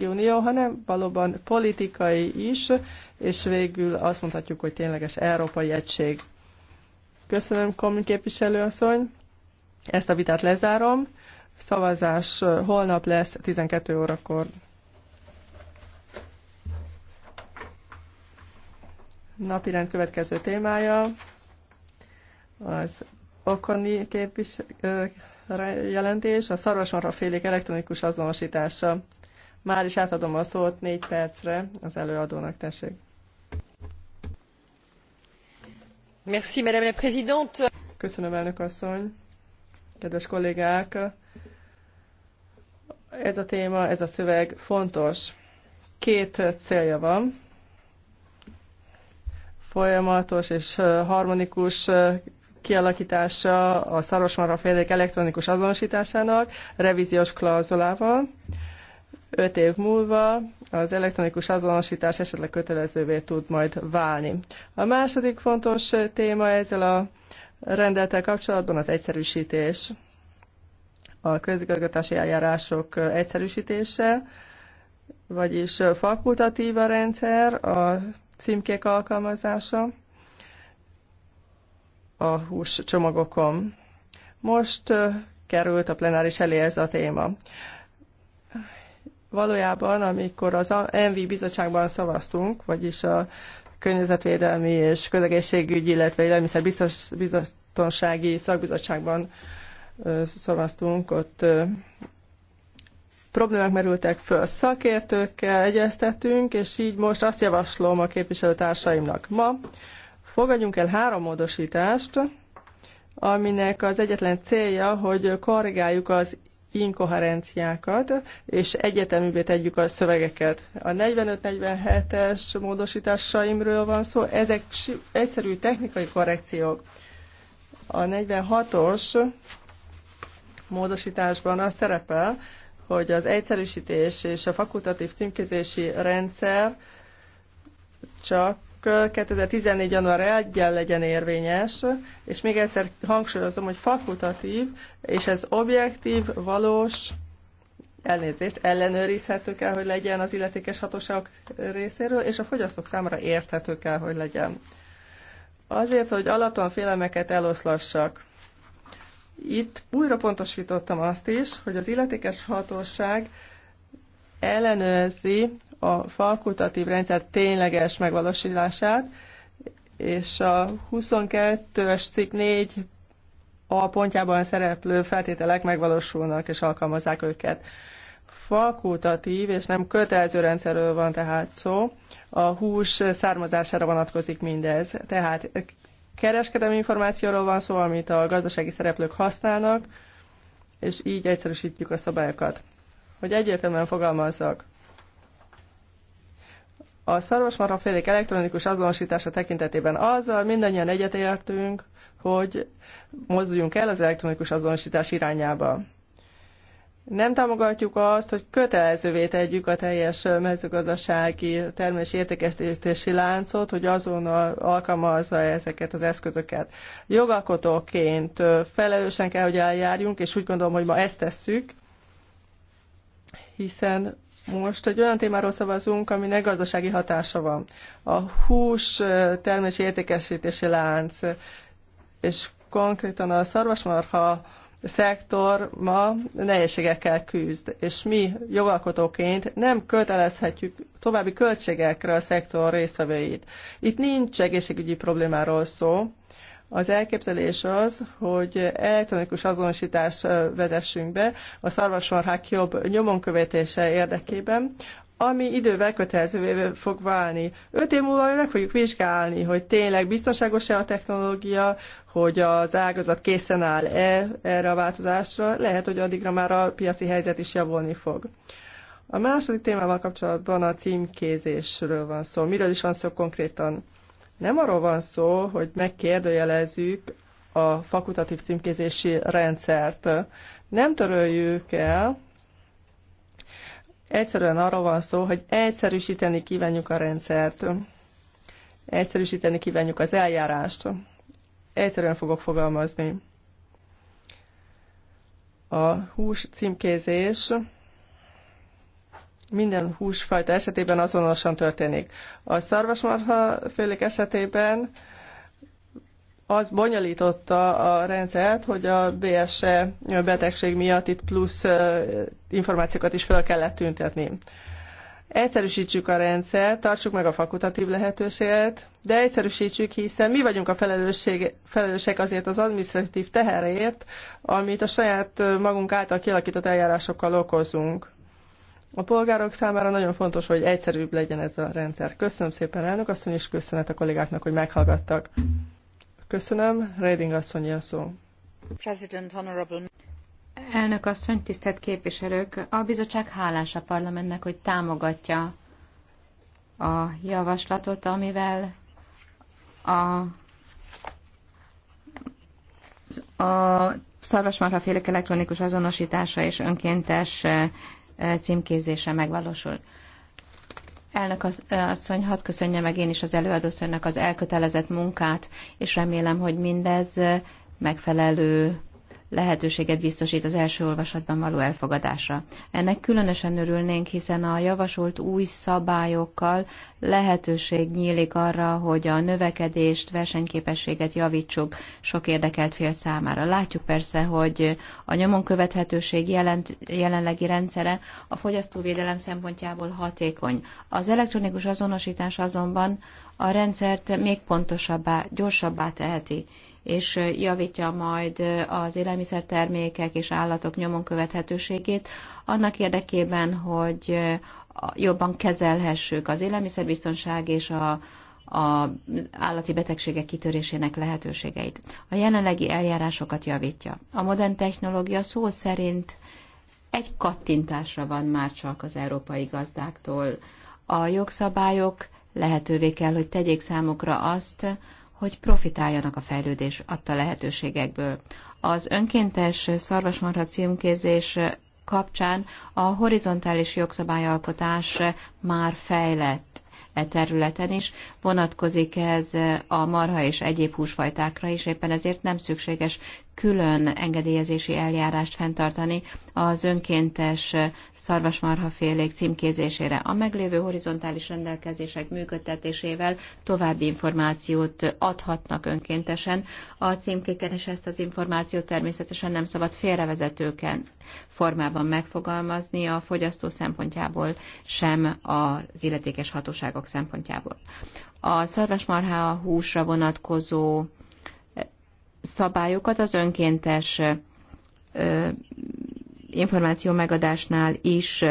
unió, hanem valóban politikai is, és végül azt mondhatjuk, hogy tényleges európai egység. Köszönöm, Komi képviselőasszony. Ezt a vitát lezárom. Szavazás holnap lesz 12 órakor. Napirend következő témája az Okoni képviselő jelentés, a szarvasmarha félék elektronikus azonosítása. Már is átadom a szót négy percre az előadónak, tessék. Merci, Madame la Présidente. Köszönöm, elnök asszony. Kedves kollégák, ez a téma, ez a szöveg fontos. Két célja van. Folyamatos és harmonikus kialakítása a Szarosmarra félék elektronikus azonosításának revíziós klauzulával, Öt év múlva az elektronikus azonosítás esetleg kötelezővé tud majd válni. A második fontos téma ezzel a rendeltel kapcsolatban az egyszerűsítés. A közigazgatási eljárások egyszerűsítése, vagyis fakultatív a rendszer, a címkék alkalmazása a hús csomagokon. Most került a plenáris elé ez a téma valójában, amikor az ENVI bizottságban szavaztunk, vagyis a környezetvédelmi és közegészségügyi, illetve élelmiszerbiztonsági szakbizottságban szavaztunk, ott problémák merültek föl. Szakértőkkel egyeztetünk, és így most azt javaslom a képviselőtársaimnak ma, fogadjunk el három módosítást, aminek az egyetlen célja, hogy korrigáljuk az inkoherenciákat, és egyeteművé tegyük a szövegeket. A 45-47-es módosításaimről van szó, ezek egyszerű technikai korrekciók. A 46-os módosításban az szerepel, hogy az egyszerűsítés és a fakultatív címkézési rendszer csak 2014. január 1 legyen érvényes, és még egyszer hangsúlyozom, hogy fakultatív, és ez objektív, valós, elnézést, ellenőrizhető kell, hogy legyen az illetékes hatóságok részéről, és a fogyasztók számára érthető kell, hogy legyen. Azért, hogy alapon félelmeket eloszlassak. Itt újra pontosítottam azt is, hogy az illetékes hatóság ellenőrzi a fakultatív rendszer tényleges megvalósulását, és a 22-es cikk 4 a pontjában szereplő feltételek megvalósulnak és alkalmazzák őket. Fakultatív és nem kötelező rendszerről van tehát szó. A hús származására vonatkozik mindez. Tehát kereskedelmi információról van szó, amit a gazdasági szereplők használnak, és így egyszerűsítjük a szabályokat. Hogy egyértelműen fogalmazzak, a szarvasmarhafélék elektronikus azonosítása tekintetében azzal mindannyian egyetértünk, hogy mozduljunk el az elektronikus azonosítás irányába. Nem támogatjuk azt, hogy kötelezővé tegyük a teljes mezőgazdasági termés értékesítési láncot, hogy azonnal alkalmazza ezeket az eszközöket. Jogalkotóként felelősen kell, hogy eljárjunk, és úgy gondolom, hogy ma ezt tesszük, hiszen most egy olyan témáról szavazunk, aminek gazdasági hatása van. A hús termési értékesítési lánc, és konkrétan a szarvasmarha szektor ma nehézségekkel küzd, és mi jogalkotóként nem kötelezhetjük további költségekre a szektor résztvevőit. Itt nincs egészségügyi problémáról szó, az elképzelés az, hogy elektronikus azonosítást vezessünk be a szarvasmarhák jobb nyomon követése érdekében, ami idővel kötelezővé fog válni. Öt év múlva meg fogjuk vizsgálni, hogy tényleg biztonságos-e a technológia, hogy az ágazat készen áll-e erre a változásra. Lehet, hogy addigra már a piaci helyzet is javulni fog. A második témával kapcsolatban a címkézésről van szó. Miről is van szó konkrétan? Nem arról van szó, hogy megkérdőjelezzük a fakultatív címkézési rendszert. Nem töröljük el, egyszerűen arról van szó, hogy egyszerűsíteni kívánjuk a rendszert, egyszerűsíteni kívánjuk az eljárást. Egyszerűen fogok fogalmazni. A hús címkézés minden húsfajta esetében azonosan történik. A szarvasmarha félék esetében az bonyolította a rendszert, hogy a BSE betegség miatt itt plusz információkat is fel kellett tüntetni. Egyszerűsítsük a rendszert, tartsuk meg a fakultatív lehetőséget, de egyszerűsítsük, hiszen mi vagyunk a felelősség, felelősek azért az administratív teherért, amit a saját magunk által kialakított eljárásokkal okozunk. A polgárok számára nagyon fontos, hogy egyszerűbb legyen ez a rendszer. Köszönöm szépen, elnök asszony, és köszönet a kollégáknak, hogy meghallgattak. Köszönöm. Reding asszony, a szó. President, honorable... Elnök asszony, tisztelt képviselők! A bizottság hálás a parlamentnek, hogy támogatja a javaslatot, amivel a, a szarvasmarhafélék elektronikus azonosítása és önkéntes címkézése megvalósul. Elnök asszony, hadd köszönje meg én is az előadószonynak az elkötelezett munkát, és remélem, hogy mindez megfelelő lehetőséget biztosít az első olvasatban való elfogadásra. Ennek különösen örülnénk, hiszen a javasolt új szabályokkal lehetőség nyílik arra, hogy a növekedést, versenyképességet javítsuk sok érdekelt fél számára. Látjuk persze, hogy a nyomon követhetőség jelent, jelenlegi rendszere a fogyasztóvédelem szempontjából hatékony. Az elektronikus azonosítás azonban a rendszert még pontosabbá, gyorsabbá teheti és javítja majd az élelmiszertermékek és állatok nyomon követhetőségét, annak érdekében, hogy jobban kezelhessük az élelmiszerbiztonság és a, a állati betegségek kitörésének lehetőségeit. A jelenlegi eljárásokat javítja. A modern technológia szó szerint egy kattintásra van már csak az európai gazdáktól. A jogszabályok lehetővé kell, hogy tegyék számukra azt, hogy profitáljanak a fejlődés adta lehetőségekből. Az önkéntes szarvasmarha címkézés kapcsán a horizontális jogszabályalkotás már fejlett e területen is, vonatkozik ez a marha és egyéb húsfajtákra is, éppen ezért nem szükséges külön engedélyezési eljárást fenntartani az önkéntes szarvasmarhafélék címkézésére. A meglévő horizontális rendelkezések működtetésével további információt adhatnak önkéntesen. A címkéken és ezt az információt természetesen nem szabad félrevezetőken formában megfogalmazni a fogyasztó szempontjából, sem az illetékes hatóságok szempontjából. A szarvasmarha húsra vonatkozó szabályokat az önkéntes információ megadásnál is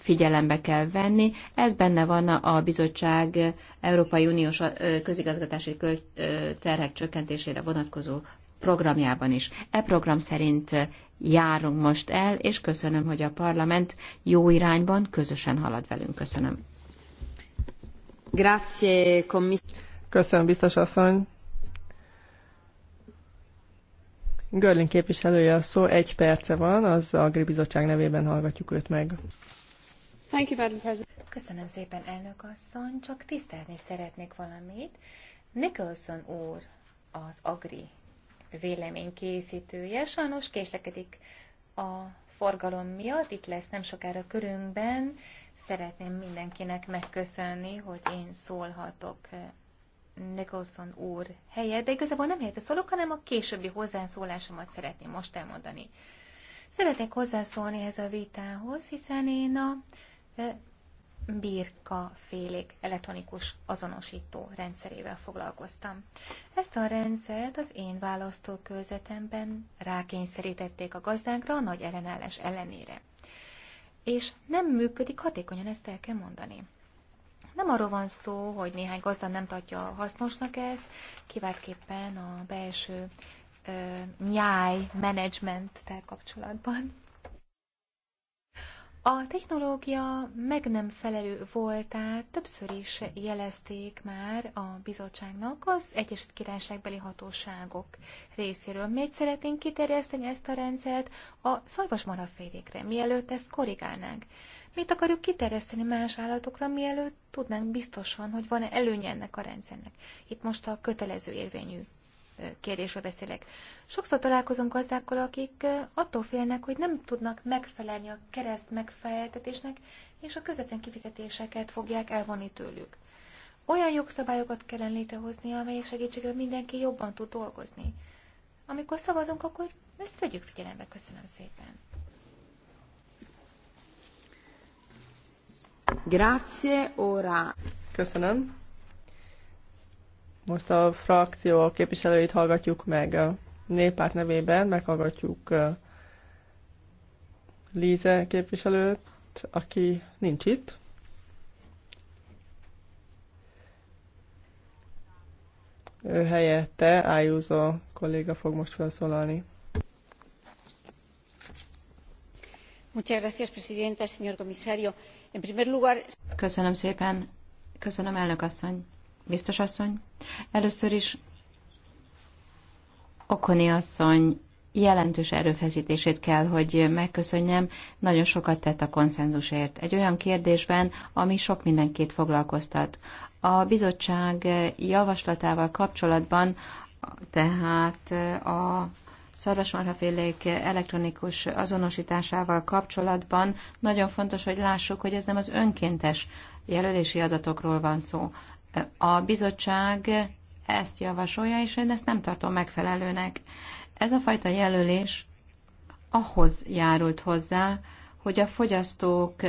figyelembe kell venni. Ez benne van a bizottság Európai Uniós közigazgatási terhek csökkentésére vonatkozó programjában is. E program szerint járunk most el, és köszönöm, hogy a parlament jó irányban közösen halad velünk. Köszönöm. Grazie, Köszönöm, biztos asszony. Görling képviselője a szó, egy perce van, az Agribizottság nevében hallgatjuk őt meg. Thank you, Madam President. Köszönöm szépen, elnök asszony, csak tisztázni szeretnék valamit. Nicholson úr, az Agri vélemény készítője, sajnos késlekedik a forgalom miatt, itt lesz nem sokára körünkben. Szeretném mindenkinek megköszönni, hogy én szólhatok Nicholson úr helyett, de igazából nem helyette szólok, hanem a későbbi hozzászólásomat szeretném most elmondani. Szeretek hozzászólni ehhez a vitához, hiszen én a birka félék elektronikus azonosító rendszerével foglalkoztam. Ezt a rendszert az én választókörzetemben rákényszerítették a gazdánkra a nagy ellenállás ellenére. És nem működik hatékonyan, ezt el kell mondani. Nem arról van szó, hogy néhány gazda nem tartja hasznosnak ezt, kiváltképpen a belső ö, nyáj management kapcsolatban. A technológia meg nem felelő voltát többször is jelezték már a bizottságnak az Egyesült Királyságbeli hatóságok részéről. Még szeretnénk kiterjeszteni ezt a rendszert a szarvasmarafélékre, mielőtt ezt korrigálnánk. Mit akarjuk kiterjeszteni más állatokra, mielőtt tudnánk biztosan, hogy van-e előnye ennek a rendszernek? Itt most a kötelező érvényű kérdésről beszélek. Sokszor találkozom gazdákkal, akik attól félnek, hogy nem tudnak megfelelni a kereszt megfeleltetésnek, és a közvetlen kifizetéseket fogják elvonni tőlük. Olyan jogszabályokat kellene létrehozni, amelyek segítségével mindenki jobban tud dolgozni. Amikor szavazunk, akkor ezt vegyük figyelembe. Köszönöm szépen. Grazie, ora. Köszönöm. Most a frakció képviselőit hallgatjuk meg. Néppárt nevében meghallgatjuk Líze képviselőt, aki nincs itt. Ő helyette Ájúzó kolléga fog most felszólalni. Muchas gracias, presidenta, señor comisario. Köszönöm szépen. Köszönöm, elnök asszony. Biztos asszony. Először is Okoni asszony jelentős erőfeszítését kell, hogy megköszönjem. Nagyon sokat tett a konszenzusért. Egy olyan kérdésben, ami sok mindenkit foglalkoztat. A bizottság javaslatával kapcsolatban tehát a szarvasmarhafélék elektronikus azonosításával kapcsolatban nagyon fontos, hogy lássuk, hogy ez nem az önkéntes jelölési adatokról van szó. A bizottság ezt javasolja, és én ezt nem tartom megfelelőnek. Ez a fajta jelölés ahhoz járult hozzá, hogy a fogyasztók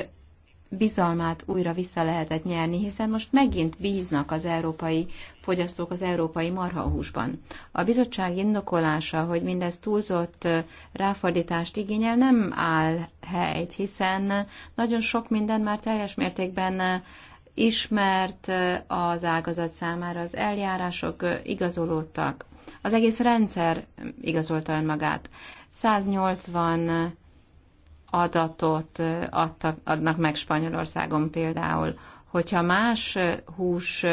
bizalmát újra vissza lehetett nyerni, hiszen most megint bíznak az európai fogyasztók az európai marhahúsban. A bizottság indokolása, hogy mindez túlzott ráfordítást igényel, nem áll helyt, hiszen nagyon sok minden már teljes mértékben ismert az ágazat számára, az eljárások igazolódtak. Az egész rendszer igazolta önmagát. 180 adatot adtak, adnak meg Spanyolországon például. Hogyha más hús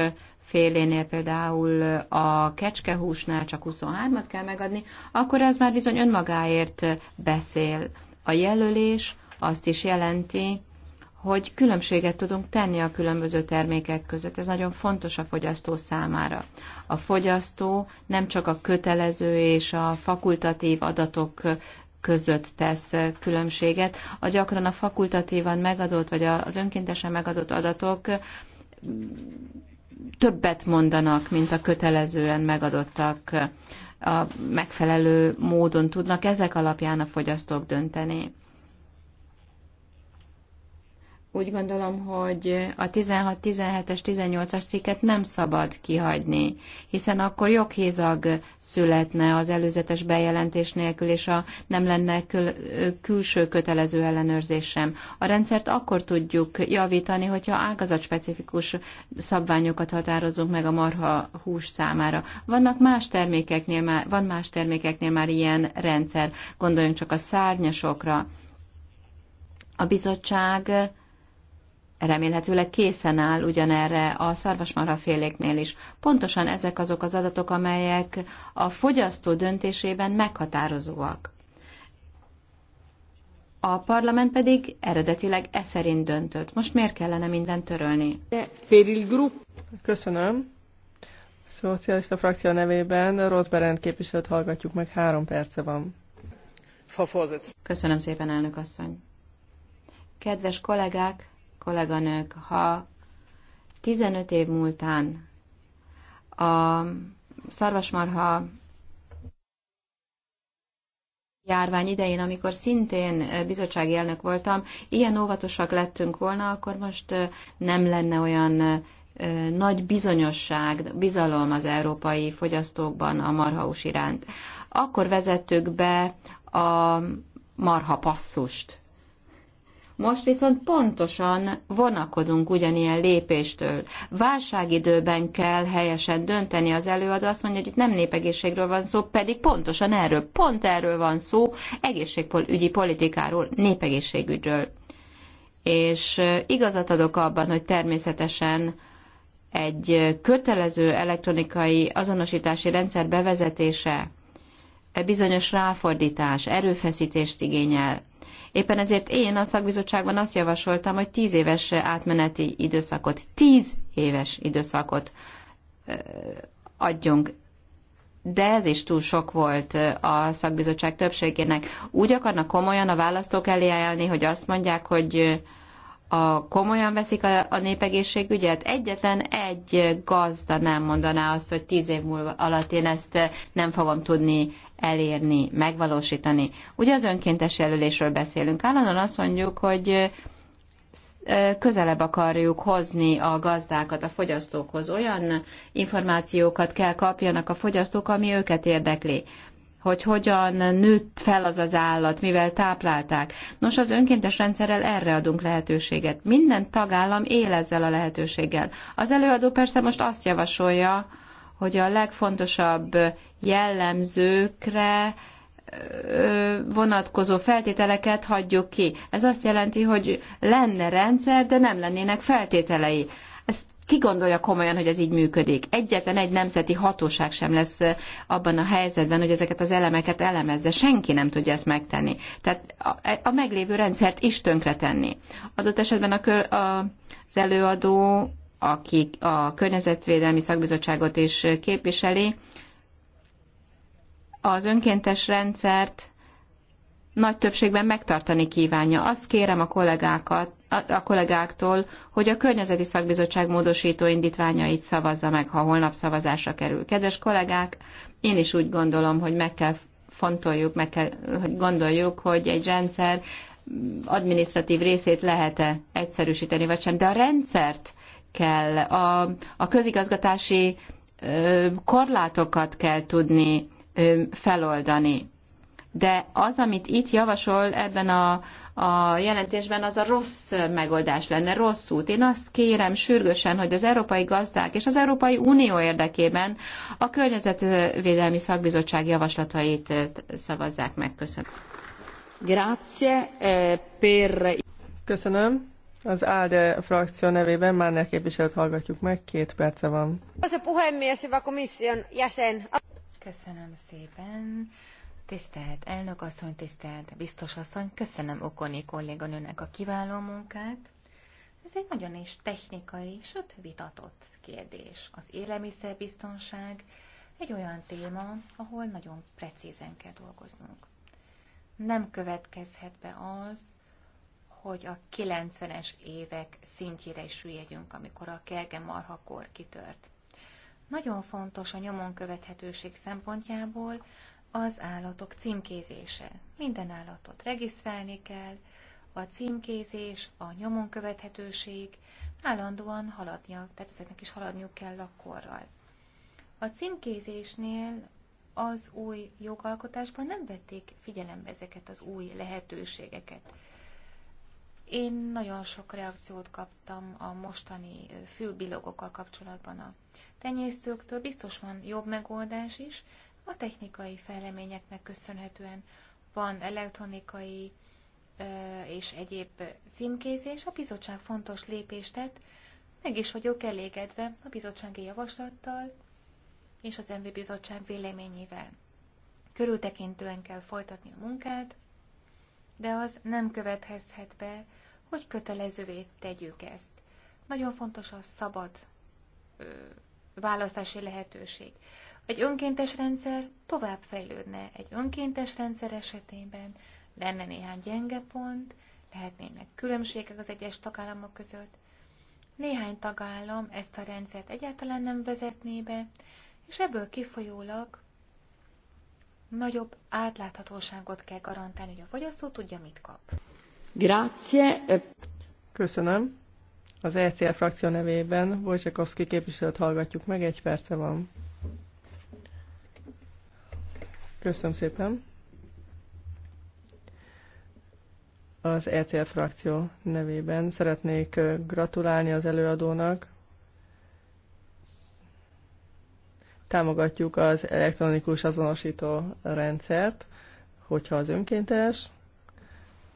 félénél például a kecskehúsnál csak 23-at kell megadni, akkor ez már bizony önmagáért beszél. A jelölés azt is jelenti, hogy különbséget tudunk tenni a különböző termékek között. Ez nagyon fontos a fogyasztó számára. A fogyasztó nem csak a kötelező és a fakultatív adatok között tesz különbséget. A gyakran a fakultatívan megadott, vagy az önkéntesen megadott adatok többet mondanak, mint a kötelezően megadottak a megfelelő módon tudnak ezek alapján a fogyasztók dönteni. Úgy gondolom, hogy a 16, 17-es, 18-as cikket nem szabad kihagyni, hiszen akkor joghézag születne az előzetes bejelentés nélkül, és a, nem lenne kül, külső kötelező ellenőrzés sem. A rendszert akkor tudjuk javítani, hogyha ágazatspecifikus szabványokat határozunk meg a marha hús számára. Vannak más termékeknél már, van más termékeknél már ilyen rendszer. Gondoljunk csak a szárnyasokra. A bizottság remélhetőleg készen áll ugyanerre a szarvasmarhaféléknél is. Pontosan ezek azok az adatok, amelyek a fogyasztó döntésében meghatározóak. A parlament pedig eredetileg e szerint döntött. Most miért kellene mindent törölni? Köszönöm. A szocialista frakció nevében Roth Berend képviselőt hallgatjuk meg, három perce van. Köszönöm szépen, elnök asszony. Kedves kollégák, kolléganők, ha 15 év múltán a szarvasmarha járvány idején, amikor szintén bizottsági elnök voltam, ilyen óvatosak lettünk volna, akkor most nem lenne olyan nagy bizonyosság, bizalom az európai fogyasztókban a marhaus iránt. Akkor vezettük be a marha passzust. Most viszont pontosan vonakodunk ugyanilyen lépéstől. Válságidőben kell helyesen dönteni az előadó, azt mondja, hogy itt nem népegészségről van szó, pedig pontosan erről, pont erről van szó, egészségügyi politikáról, népegészségügyről. És igazat adok abban, hogy természetesen egy kötelező elektronikai azonosítási rendszer bevezetése bizonyos ráfordítás, erőfeszítést igényel, Éppen ezért én a szakbizottságban azt javasoltam, hogy tíz éves átmeneti időszakot, tíz éves időszakot adjunk de ez is túl sok volt a szakbizottság többségének. Úgy akarnak komolyan a választók elé állni, hogy azt mondják, hogy a komolyan veszik a, a népegészségügyet? Egyetlen egy gazda nem mondaná azt, hogy tíz év múlva alatt én ezt nem fogom tudni elérni, megvalósítani. Ugye az önkéntes jelölésről beszélünk. Állandóan azt mondjuk, hogy közelebb akarjuk hozni a gazdákat a fogyasztókhoz. Olyan információkat kell kapjanak a fogyasztók, ami őket érdekli hogy hogyan nőtt fel az az állat, mivel táplálták. Nos, az önkéntes rendszerrel erre adunk lehetőséget. Minden tagállam él ezzel a lehetőséggel. Az előadó persze most azt javasolja, hogy a legfontosabb jellemzőkre vonatkozó feltételeket hagyjuk ki. Ez azt jelenti, hogy lenne rendszer, de nem lennének feltételei. Ezt ki gondolja komolyan, hogy ez így működik? Egyetlen egy nemzeti hatóság sem lesz abban a helyzetben, hogy ezeket az elemeket elemezze. Senki nem tudja ezt megtenni. Tehát a, a meglévő rendszert is tönkretenni. Adott esetben a, a, az előadó aki a Környezetvédelmi Szakbizottságot is képviseli, az önkéntes rendszert nagy többségben megtartani kívánja. Azt kérem a, kollégákat, a kollégáktól, hogy a Környezeti Szakbizottság módosító indítványait szavazza meg, ha holnap szavazásra kerül. Kedves kollégák, én is úgy gondolom, hogy meg kell fontoljuk, meg kell, hogy gondoljuk, hogy egy rendszer administratív részét lehet-e egyszerűsíteni, vagy sem. De a rendszert kell, a, a közigazgatási korlátokat kell tudni feloldani. De az, amit itt javasol ebben a, a jelentésben, az a rossz megoldás lenne, rossz út. Én azt kérem sürgősen, hogy az európai gazdák és az Európai Unió érdekében a Környezetvédelmi Szakbizottság javaslatait szavazzák meg. Köszönöm. Grazie eh, per... Köszönöm. Az ALDE frakció nevében már ne képviselőt hallgatjuk meg, két perce van. Az a puhemies, a komisszion jäsen. Köszönöm szépen. Tisztelt elnök asszony, tisztelt biztos asszony, köszönöm Okoni kolléganőnek a kiváló munkát. Ez egy nagyon is technikai, sőt vitatott kérdés. Az élelmiszerbiztonság egy olyan téma, ahol nagyon precízen kell dolgoznunk. Nem következhet be az, hogy a 90-es évek szintjére is süllyedjünk, amikor a kerge marhakor kitört. Nagyon fontos a nyomon követhetőség szempontjából az állatok címkézése. Minden állatot regisztrálni kell, a címkézés, a nyomon követhetőség, állandóan haladnia, tehát ezeknek is haladniuk kell a korral. A címkézésnél az új jogalkotásban nem vették figyelembe ezeket az új lehetőségeket. Én nagyon sok reakciót kaptam a mostani fülbilogokkal kapcsolatban a tenyésztőktől. Biztos van jobb megoldás is. A technikai fejleményeknek köszönhetően van elektronikai és egyéb címkézés. A bizottság fontos lépést tett. Meg is vagyok elégedve a bizottsági javaslattal és az MV bizottság véleményével. Körültekintően kell folytatni a munkát, de az nem követhezhet be, hogy kötelezővé tegyük ezt. Nagyon fontos a szabad ö, választási lehetőség. Egy önkéntes rendszer tovább fejlődne. Egy önkéntes rendszer esetében lenne néhány gyenge pont, lehetnének különbségek az egyes tagállamok között. Néhány tagállam ezt a rendszert egyáltalán nem vezetné be, és ebből kifolyólag nagyobb átláthatóságot kell garantálni, hogy a fogyasztó tudja, mit kap. Grazie. Köszönöm. Az ECR frakció nevében Wojciechowski képviselőt hallgatjuk meg, egy perce van. Köszönöm szépen. Az ECR frakció nevében szeretnék gratulálni az előadónak Támogatjuk az elektronikus azonosító rendszert, hogyha az önkéntes,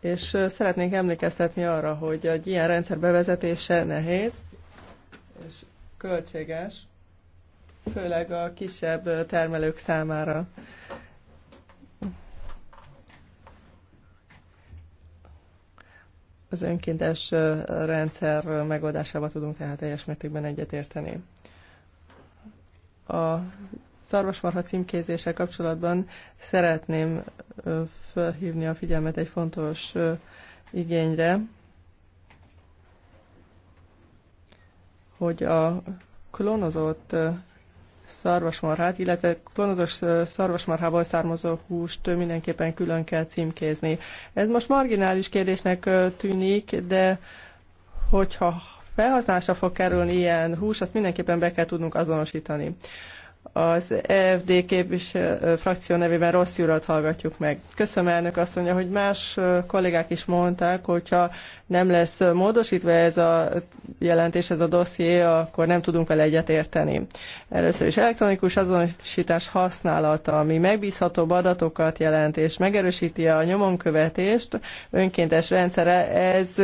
és szeretnénk emlékeztetni arra, hogy egy ilyen rendszer bevezetése nehéz és költséges, főleg a kisebb termelők számára. Az önkéntes rendszer megoldásába tudunk tehát teljes mértékben egyetérteni a szarvasmarha címkézéssel kapcsolatban szeretném felhívni a figyelmet egy fontos igényre, hogy a klónozott szarvasmarhát, illetve klónozott szarvasmarhából származó húst mindenképpen külön kell címkézni. Ez most marginális kérdésnek tűnik, de hogyha felhasználásra fog kerülni ilyen hús, azt mindenképpen be kell tudnunk azonosítani az EFD képvisel, frakció nevében Rossi urat hallgatjuk meg. Köszönöm elnök azt mondja, hogy más kollégák is mondták, hogyha nem lesz módosítva ez a jelentés, ez a dosszié, akkor nem tudunk vele egyetérteni. Először is elektronikus azonosítás használata, ami megbízhatóbb adatokat jelent és megerősíti a nyomonkövetést, önkéntes rendszere, ez,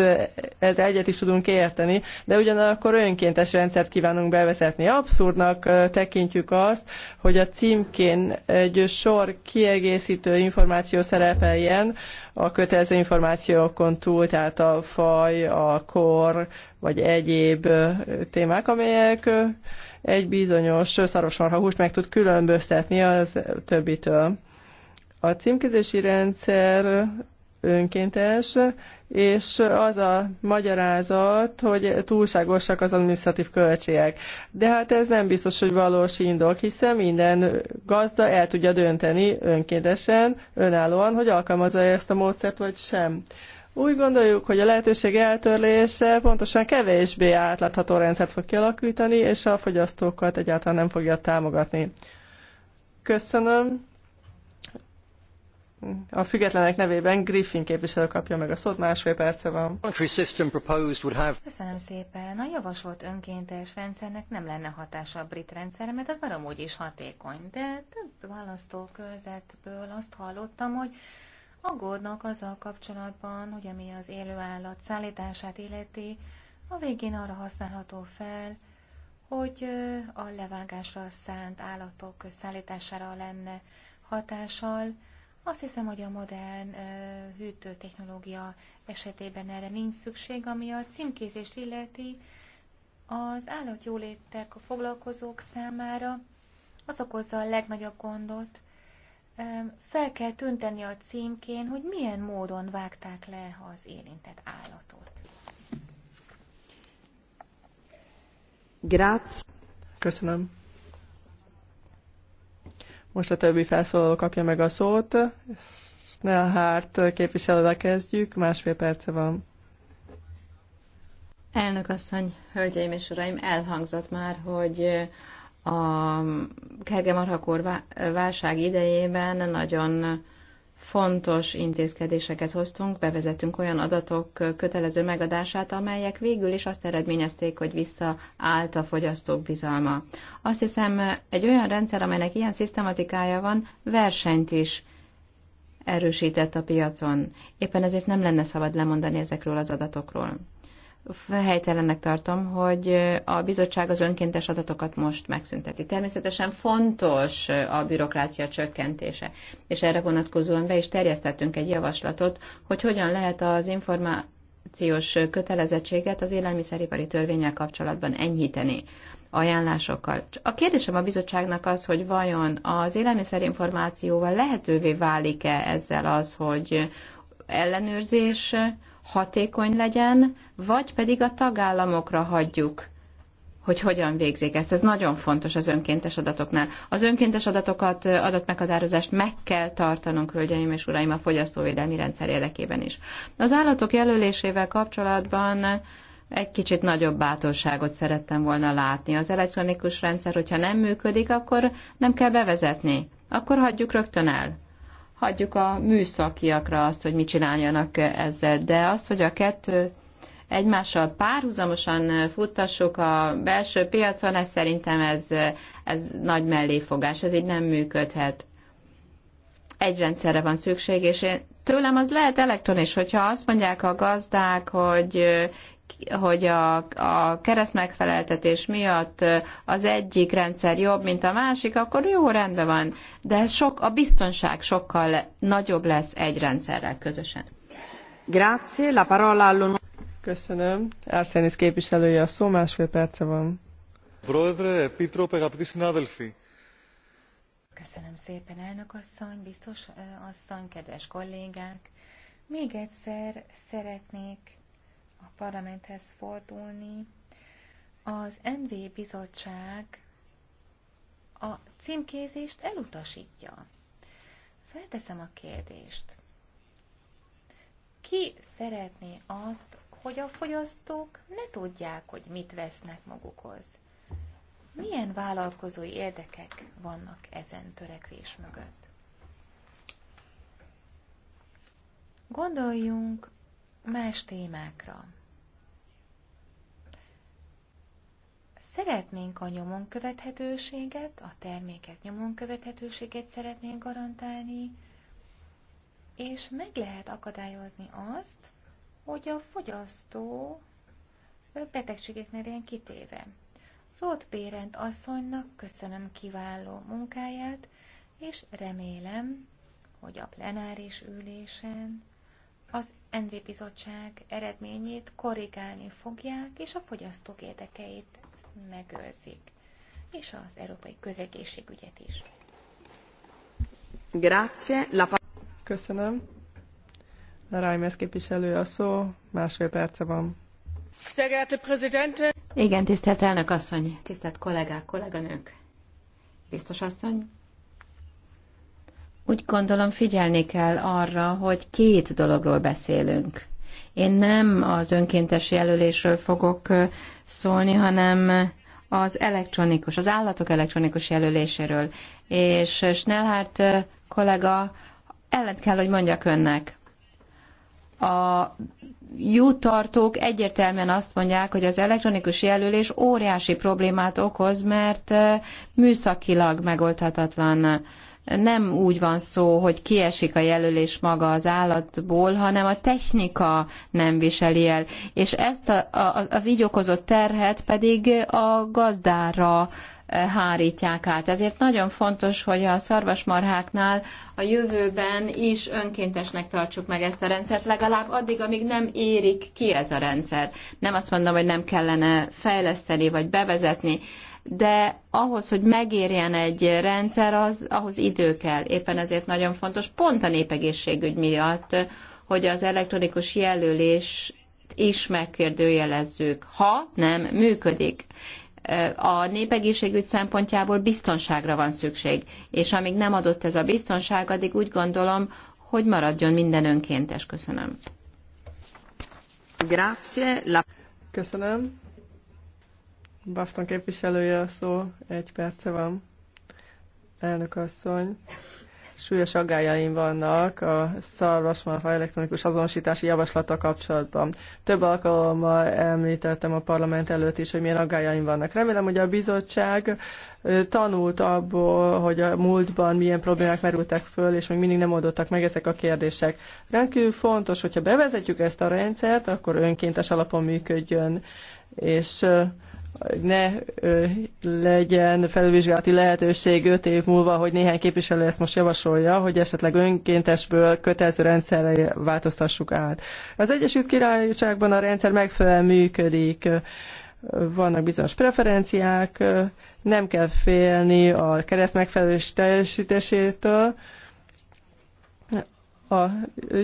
ez egyet is tudunk érteni, de ugyanakkor önkéntes rendszert kívánunk bevezetni. Abszurdnak tekintjük a azt, hogy a címkén egy sor kiegészítő információ szerepeljen a kötelező információkon túl, tehát a faj, a kor, vagy egyéb témák, amelyek egy bizonyos szarvasmarhahúst meg tud különböztetni az többitől. A címkézési rendszer önkéntes, és az a magyarázat, hogy túlságosak az administratív költségek. De hát ez nem biztos, hogy valós indok, hiszen minden gazda el tudja dönteni önkéntesen, önállóan, hogy alkalmazza ezt a módszert vagy sem. Úgy gondoljuk, hogy a lehetőség eltörlése pontosan kevésbé átlátható rendszert fog kialakítani, és a fogyasztókat egyáltalán nem fogja támogatni. Köszönöm a függetlenek nevében Griffin képviselő kapja meg a szót, másfél perce van. Köszönöm szépen. A javasolt önkéntes rendszernek nem lenne hatása a brit rendszerre, mert az már amúgy is hatékony. De több választókörzetből azt hallottam, hogy aggódnak azzal kapcsolatban, hogy ami az élő állat szállítását illeti, a végén arra használható fel, hogy a levágásra szánt állatok szállítására lenne hatással, azt hiszem, hogy a modern hűtőtechnológia esetében erre nincs szükség, ami a címkézést illeti az állatjólétek a foglalkozók számára az okozza a legnagyobb gondot. Fel kell tünteni a címkén, hogy milyen módon vágták le az érintett állatot. Grazie. Köszönöm. Most a többi felszólaló kapja meg a szót. Snellhárt képviselőre kezdjük, másfél perce van. Elnök asszony, hölgyeim és uraim, elhangzott már, hogy a Kergemarhakor válság idejében nagyon fontos intézkedéseket hoztunk, bevezettünk olyan adatok kötelező megadását, amelyek végül is azt eredményezték, hogy visszaállt a fogyasztók bizalma. Azt hiszem, egy olyan rendszer, amelynek ilyen szisztematikája van, versenyt is erősített a piacon. Éppen ezért nem lenne szabad lemondani ezekről az adatokról helytelennek tartom, hogy a bizottság az önkéntes adatokat most megszünteti. Természetesen fontos a bürokrácia csökkentése, és erre vonatkozóan be is terjesztettünk egy javaslatot, hogy hogyan lehet az információs kötelezettséget az élelmiszeripari törvényel kapcsolatban enyhíteni ajánlásokkal. A kérdésem a bizottságnak az, hogy vajon az élelmiszerinformációval lehetővé válik-e ezzel az, hogy ellenőrzés hatékony legyen, vagy pedig a tagállamokra hagyjuk hogy hogyan végzik ezt. Ez nagyon fontos az önkéntes adatoknál. Az önkéntes adatokat, adatmeghatározást meg kell tartanunk, hölgyeim és uraim, a fogyasztóvédelmi rendszer érdekében is. Az állatok jelölésével kapcsolatban egy kicsit nagyobb bátorságot szerettem volna látni. Az elektronikus rendszer, hogyha nem működik, akkor nem kell bevezetni. Akkor hagyjuk rögtön el. Hagyjuk a műszakiakra azt, hogy mit csináljanak ezzel, de azt, hogy a kettő egymással párhuzamosan futtassuk a belső piacon, ez szerintem ez, ez nagy melléfogás, ez így nem működhet. Egy rendszerre van szükség, és én, tőlem az lehet elektron is, hogyha azt mondják a gazdák, hogy hogy a, a kereszt megfeleltetés miatt az egyik rendszer jobb, mint a másik, akkor jó, rendben van. De sok, a biztonság sokkal nagyobb lesz egy rendszerrel közösen. Grazie, la parola all'on... Köszönöm. Arsenis képviselője a szó, másfél perce van. Brodre, Epitrope, Gapti Sinadelfi. Köszönöm szépen, elnök asszony, biztos asszony, kedves kollégák. Még egyszer szeretnék a parlamenthez fordulni. Az NV bizottság a címkézést elutasítja. Felteszem a kérdést. Ki szeretné azt, hogy a fogyasztók ne tudják, hogy mit vesznek magukhoz. Milyen vállalkozói érdekek vannak ezen törekvés mögött? Gondoljunk más témákra. Szeretnénk a nyomon követhetőséget, a termékek nyomon követhetőséget szeretnénk garantálni, és meg lehet akadályozni azt, hogy a fogyasztó betegségeknél ilyen kitéve. Rót Bérend asszonynak köszönöm kiváló munkáját, és remélem, hogy a plenáris ülésen az NV bizottság eredményét korrigálni fogják, és a fogyasztók érdekeit megőrzik, és az európai közegészségügyet is. Grazie. La... Köszönöm. Reimers képviselő a szó, másfél perce van. Igen, tisztelt elnök asszony, tisztelt kollégák, kolléganők. Biztos asszony? Úgy gondolom figyelni kell arra, hogy két dologról beszélünk. Én nem az önkéntes jelölésről fogok szólni, hanem az elektronikus, az állatok elektronikus jelöléséről. És Snellhárt kollega ellent kell, hogy mondjak önnek a jutartók egyértelműen azt mondják, hogy az elektronikus jelölés óriási problémát okoz, mert műszakilag megoldhatatlan. Nem úgy van szó, hogy kiesik a jelölés maga az állatból, hanem a technika nem viseli el. És ezt a, a, az így okozott terhet pedig a gazdára hárítják át. Ezért nagyon fontos, hogy a szarvasmarháknál a jövőben is önkéntesnek tartsuk meg ezt a rendszert, legalább addig, amíg nem érik ki ez a rendszer. Nem azt mondom, hogy nem kellene fejleszteni vagy bevezetni, de ahhoz, hogy megérjen egy rendszer, az, ahhoz idő kell. Éppen ezért nagyon fontos, pont a népegészségügy miatt, hogy az elektronikus jelölés is megkérdőjelezzük, ha nem működik a népegészségügy szempontjából biztonságra van szükség, és amíg nem adott ez a biztonság, addig úgy gondolom, hogy maradjon minden önkéntes. Köszönöm. Grazie. La... Köszönöm. Bafton képviselője a szó, egy perce van. Elnök asszony súlyos aggájaim vannak a szarvasmarha elektronikus azonosítási javaslata kapcsolatban. Több alkalommal említettem a parlament előtt is, hogy milyen aggájaim vannak. Remélem, hogy a bizottság tanult abból, hogy a múltban milyen problémák merültek föl, és még mindig nem oldottak meg ezek a kérdések. Rendkívül fontos, hogyha bevezetjük ezt a rendszert, akkor önkéntes alapon működjön, és ne legyen felülvizsgálati lehetőség öt év múlva, hogy néhány képviselő ezt most javasolja, hogy esetleg önkéntesből kötelező rendszerre változtassuk át. Az Egyesült Királyságban a rendszer megfelelően működik, vannak bizonyos preferenciák, nem kell félni a kereszt megfelelős teljesítésétől, a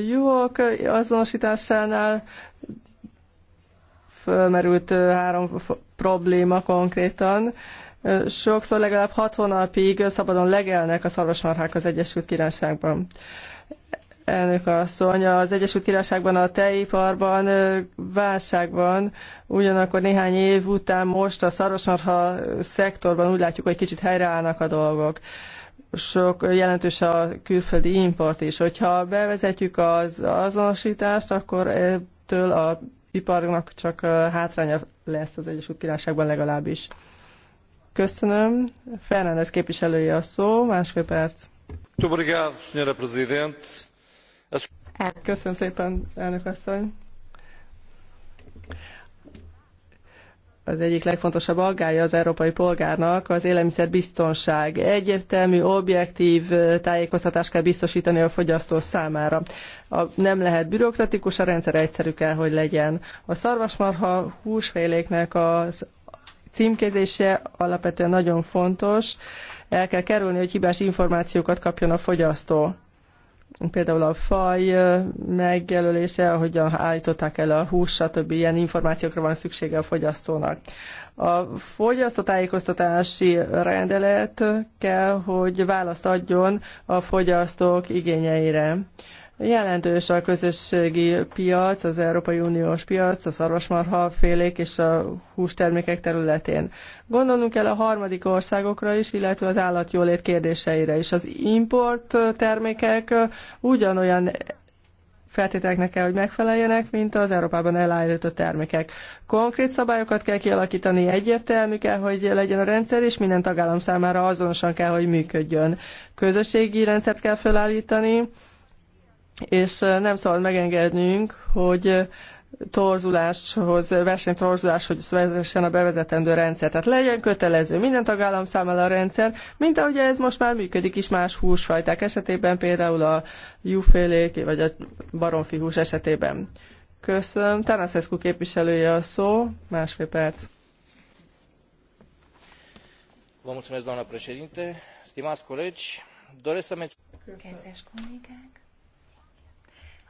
juhok azonosításánál fölmerült három probléma konkrétan. Sokszor legalább hat hónapig szabadon legelnek a szarvasmarhák az Egyesült Királyságban. Elnök asszony, az Egyesült Királyságban a tejiparban válság van, ugyanakkor néhány év után most a szarvasmarha szektorban úgy látjuk, hogy kicsit helyreállnak a dolgok sok jelentős a külföldi import is. Hogyha bevezetjük az azonosítást, akkor ettől a iparnak csak hátránya lesz az Egyesült Királyságban legalábbis. Köszönöm. Fernández képviselője a szó, másfél perc. Köszönöm szépen, elnök asszony. az egyik legfontosabb aggája az európai polgárnak az élelmiszerbiztonság. Egyértelmű, objektív tájékoztatást kell biztosítani a fogyasztó számára. A, nem lehet bürokratikus, a rendszer egyszerű kell, hogy legyen. A szarvasmarha húsféléknek az címkézése alapvetően nagyon fontos. El kell kerülni, hogy hibás információkat kapjon a fogyasztó például a faj megjelölése, ahogy állították el a hús, stb. ilyen információkra van szüksége a fogyasztónak. A fogyasztótájékoztatási rendelet kell, hogy választ adjon a fogyasztók igényeire. Jelentős a közösségi piac, az Európai Uniós piac, a szarvasmarha félék és a hústermékek területén. Gondolnunk kell a harmadik országokra is, illetve az állatjólét kérdéseire is. Az import termékek ugyanolyan feltételeknek kell, hogy megfeleljenek, mint az Európában elállított termékek. Konkrét szabályokat kell kialakítani, egyértelmű kell, hogy legyen a rendszer, és minden tagállam számára azonosan kell, hogy működjön. Közösségi rendszert kell felállítani, és nem szabad megengednünk, hogy torzuláshoz, versenytorzulás, hogy vezessen a bevezetendő rendszer. Tehát legyen kötelező minden tagállam számára a rendszer, mint ahogy ez most már működik is más húsfajták esetében, például a jufélék vagy a baromfi hús esetében. Köszönöm. Tanaszeszku képviselője a szó, másfél perc. Vă mulțumesc, doamnă președinte. Stimați colegi, doresc să menționez... Kedves kollégák,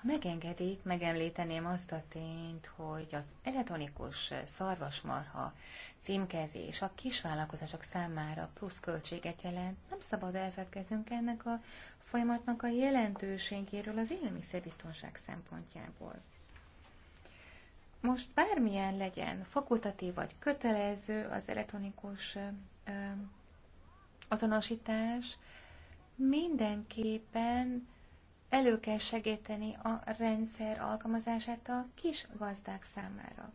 ha megengedik, megemlíteném azt a tényt, hogy az elektronikus szarvasmarha címkezés a kisvállalkozások számára plusz költséget jelent. Nem szabad elfedkeznünk ennek a folyamatnak a jelentőségéről az élelmiszerbiztonság szempontjából. Most bármilyen legyen, fakultatív vagy kötelező az elektronikus azonosítás, mindenképpen elő kell segíteni a rendszer alkalmazását a kis gazdák számára.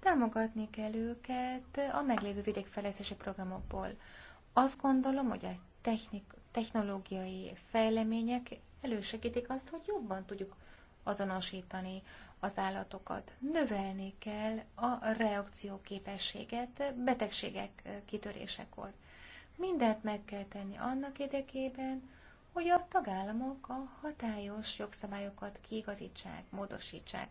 Támogatni kell őket a meglévő vidékfejlesztési programokból. Azt gondolom, hogy a technik, technológiai fejlemények elősegítik azt, hogy jobban tudjuk azonosítani az állatokat. Növelni kell a reakcióképességet betegségek kitörésekor. Mindent meg kell tenni annak érdekében, hogy a tagállamok a hatályos jogszabályokat kiigazítsák, módosítsák.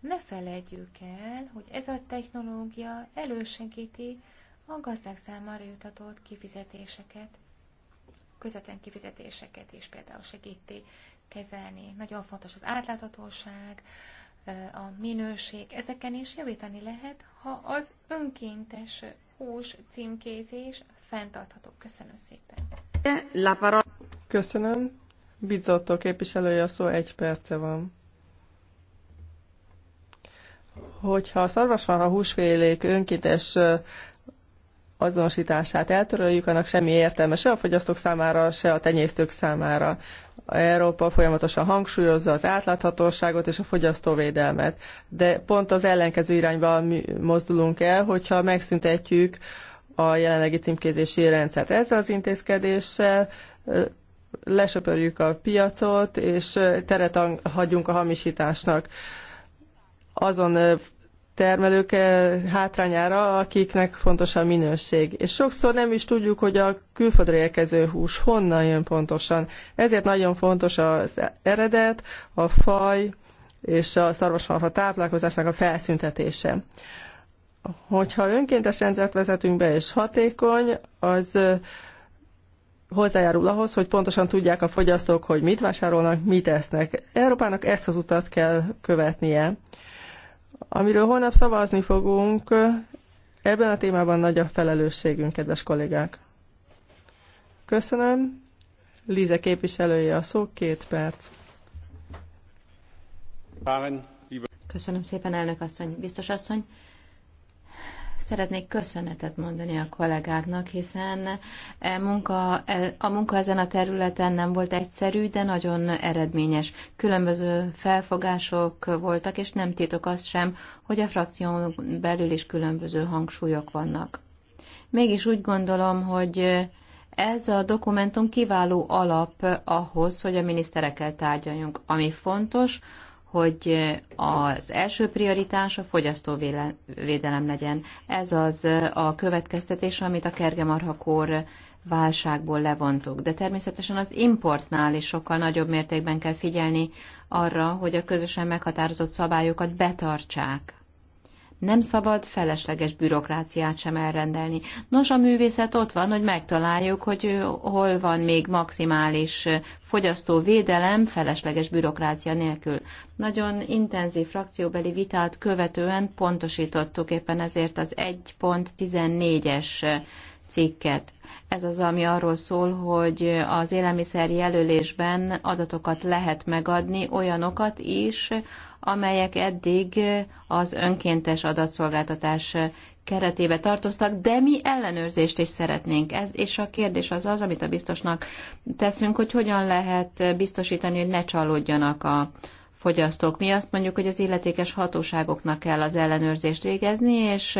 Ne feledjük el, hogy ez a technológia elősegíti a gazdák számára jutatott kifizetéseket, közvetlen kifizetéseket is például segíti kezelni. Nagyon fontos az átláthatóság, a minőség, ezeken is javítani lehet, ha az önkéntes hús címkézés fenntartható. Köszönöm szépen. La parola. Köszönöm. Bizzotto képviselője a szó, egy perce van. Hogyha a szarvasmarha húsfélék önkéntes azonosítását eltöröljük, annak semmi értelme se a fogyasztók számára, se a tenyésztők számára. Európa folyamatosan hangsúlyozza az átláthatóságot és a fogyasztóvédelmet, de pont az ellenkező irányba mozdulunk el, hogyha megszüntetjük a jelenlegi címkézési rendszert. Ezzel az intézkedéssel lesöpörjük a piacot, és teret hagyjunk a hamisításnak. Azon termelők hátrányára, akiknek fontos a minőség. És sokszor nem is tudjuk, hogy a külföldre érkező hús honnan jön pontosan. Ezért nagyon fontos az eredet, a faj és a szarvasmarha táplálkozásnak a felszüntetése. Hogyha önkéntes rendszert vezetünk be és hatékony, az hozzájárul ahhoz, hogy pontosan tudják a fogyasztók, hogy mit vásárolnak, mit esznek. Európának ezt az utat kell követnie. Amiről holnap szavazni fogunk, ebben a témában nagy a felelősségünk, kedves kollégák. Köszönöm. Líze képviselője a szó, két perc. Köszönöm szépen, elnök asszony, biztos asszony. Szeretnék köszönetet mondani a kollégáknak, hiszen e munka, e, a munka ezen a területen nem volt egyszerű, de nagyon eredményes. Különböző felfogások voltak, és nem titok azt sem, hogy a frakción belül is különböző hangsúlyok vannak. Mégis úgy gondolom, hogy ez a dokumentum kiváló alap ahhoz, hogy a miniszterekkel tárgyaljunk. Ami fontos, hogy az első prioritás a fogyasztóvédelem legyen. Ez az a következtetés, amit a kergemarhakor válságból levontuk. De természetesen az importnál is sokkal nagyobb mértékben kell figyelni arra, hogy a közösen meghatározott szabályokat betartsák. Nem szabad felesleges bürokráciát sem elrendelni. Nos, a művészet ott van, hogy megtaláljuk, hogy hol van még maximális fogyasztóvédelem felesleges bürokrácia nélkül. Nagyon intenzív frakcióbeli vitát követően pontosítottuk éppen ezért az 1.14-es cikket. Ez az, ami arról szól, hogy az élelmiszer jelölésben adatokat lehet megadni, olyanokat is, amelyek eddig az önkéntes adatszolgáltatás keretébe tartoztak, de mi ellenőrzést is szeretnénk. Ez, és a kérdés az az, amit a biztosnak teszünk, hogy hogyan lehet biztosítani, hogy ne csalódjanak a fogyasztók. Mi azt mondjuk, hogy az illetékes hatóságoknak kell az ellenőrzést végezni, és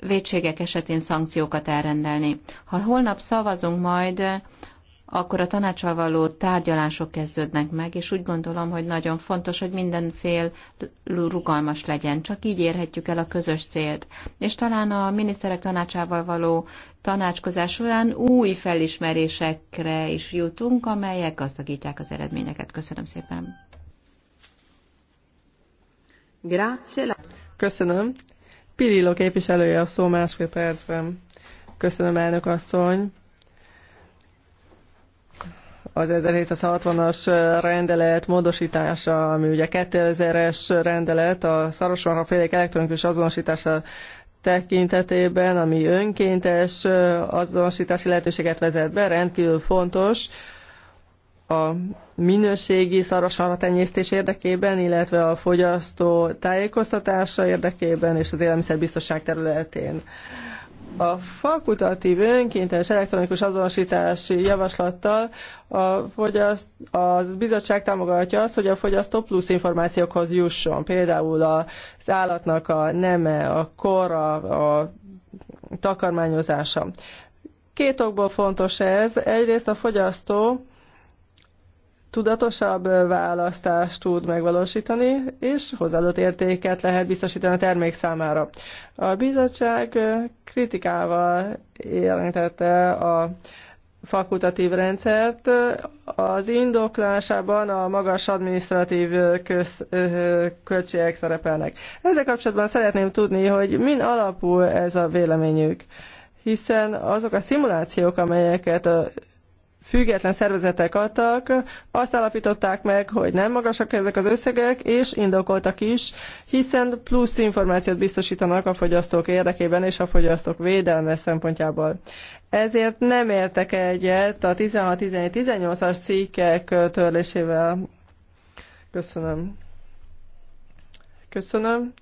védségek esetén szankciókat elrendelni. Ha holnap szavazunk majd akkor a tanácsal való tárgyalások kezdődnek meg, és úgy gondolom, hogy nagyon fontos, hogy mindenfél rugalmas legyen. Csak így érhetjük el a közös célt. És talán a miniszterek tanácsával való tanácskozás során új felismerésekre is jutunk, amelyek gazdagítják az eredményeket. Köszönöm szépen. Köszönöm. Pirillo képviselője a szó másfél percben. Köszönöm, elnök asszony az 1760-as rendelet módosítása, ami ugye 2000-es rendelet, a szarvasmarhafélék elektronikus azonosítása tekintetében, ami önkéntes azonosítási lehetőséget vezet be, rendkívül fontos a minőségi szarvasmarha tenyésztés érdekében, illetve a fogyasztó tájékoztatása érdekében és az élelmiszerbiztonság területén a fakultatív önkéntes elektronikus azonosítási javaslattal a, fogyaszt, a bizottság támogatja azt, hogy a fogyasztó plusz információkhoz jusson, például az állatnak a neme, a kora, a takarmányozása. Két okból fontos ez. Egyrészt a fogyasztó tudatosabb választást tud megvalósítani, és hozzáadott értéket lehet biztosítani a termék számára. A bizottság kritikával jelentette a fakultatív rendszert. Az indoklásában a magas adminisztratív köz, költségek szerepelnek. Ezzel kapcsolatban szeretném tudni, hogy min alapul ez a véleményük, hiszen azok a szimulációk, amelyeket a független szervezetek adtak, azt állapították meg, hogy nem magasak ezek az összegek, és indokoltak is, hiszen plusz információt biztosítanak a fogyasztók érdekében és a fogyasztók védelme szempontjából. Ezért nem értek egyet a 16-17-18-as cikkek törlésével. Köszönöm. Köszönöm.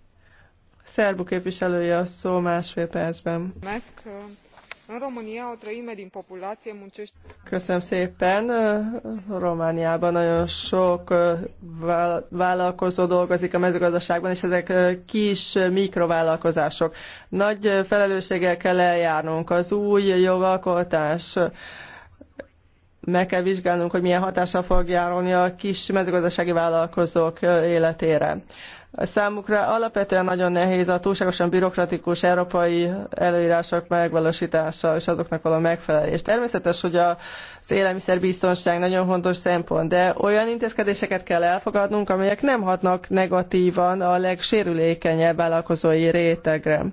Szerbu képviselője a szó másfél percben. În România o treime din populație muncește. Köszönöm szépen. Romániában nagyon sok vállalkozó dolgozik a mezőgazdaságban, és ezek kis mikrovállalkozások. Nagy felelősséggel kell eljárnunk. Az új jogalkotás meg kell vizsgálnunk, hogy milyen hatással fog járulni a kis mezőgazdasági vállalkozók életére. Számukra alapvetően nagyon nehéz a túlságosan bürokratikus európai előírások megvalósítása és azoknak való megfelelés. Természetes, hogy az élelmiszerbiztonság nagyon fontos szempont, de olyan intézkedéseket kell elfogadnunk, amelyek nem hatnak negatívan a legsérülékenyebb vállalkozói rétegre.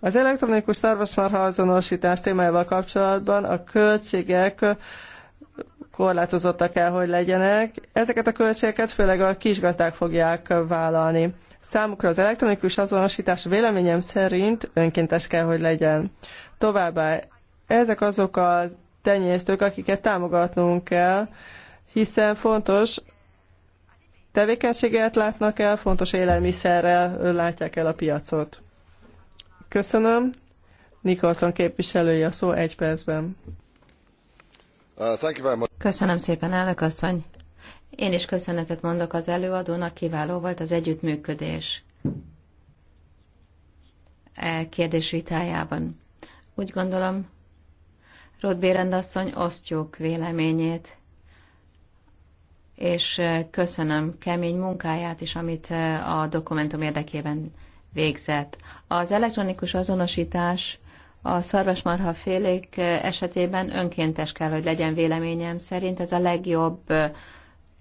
Az elektronikus szarvasmarha azonosítás témájával kapcsolatban a költségek korlátozottak kell, hogy legyenek. Ezeket a költségeket főleg a kisgazdák fogják vállalni. Számukra az elektronikus azonosítás véleményem szerint önkéntes kell, hogy legyen. Továbbá ezek azok a tenyésztők, akiket támogatnunk kell, hiszen fontos tevékenységet látnak el, fontos élelmiszerrel látják el a piacot. Köszönöm. Nikolson képviselője a szó egy percben. Köszönöm szépen, elnök asszony. Én is köszönetet mondok az előadónak, kiváló volt az együttműködés e kérdés vitájában. Úgy gondolom, Ruth Bérend asszony osztjuk véleményét, és e, köszönöm kemény munkáját is, amit e, a dokumentum érdekében végzett. Az elektronikus azonosítás a szarvasmarha félék esetében önkéntes kell, hogy legyen véleményem szerint. Ez a legjobb